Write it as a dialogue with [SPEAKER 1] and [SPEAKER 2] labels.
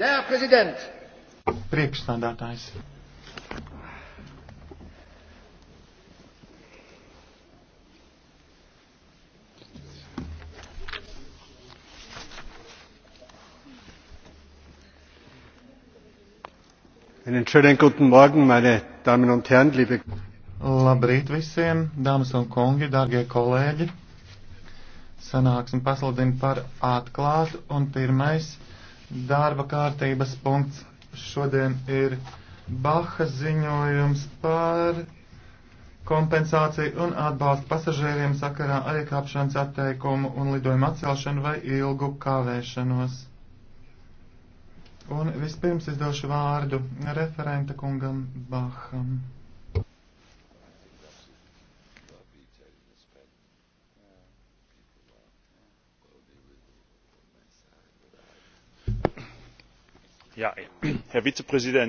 [SPEAKER 1] Der Präsident!
[SPEAKER 2] Priekšstādātājs.
[SPEAKER 3] Einen schönen guten Morgen, meine Damen und Herren, liebe
[SPEAKER 4] Labrīt visiem, dāmas un kungi, dārgie kolēģi! Sanāksim pasludinu par atklātu un pirmais darba kārtības punkts šodien ir Baha ziņojums par kompensāciju un atbalstu pasažieriem sakarā ar iekāpšanas atteikumu un lidojumu atcelšanu vai ilgu kavēšanos. Un vispirms es došu vārdu referenta kungam Baham.
[SPEAKER 2] herr vizepräsident!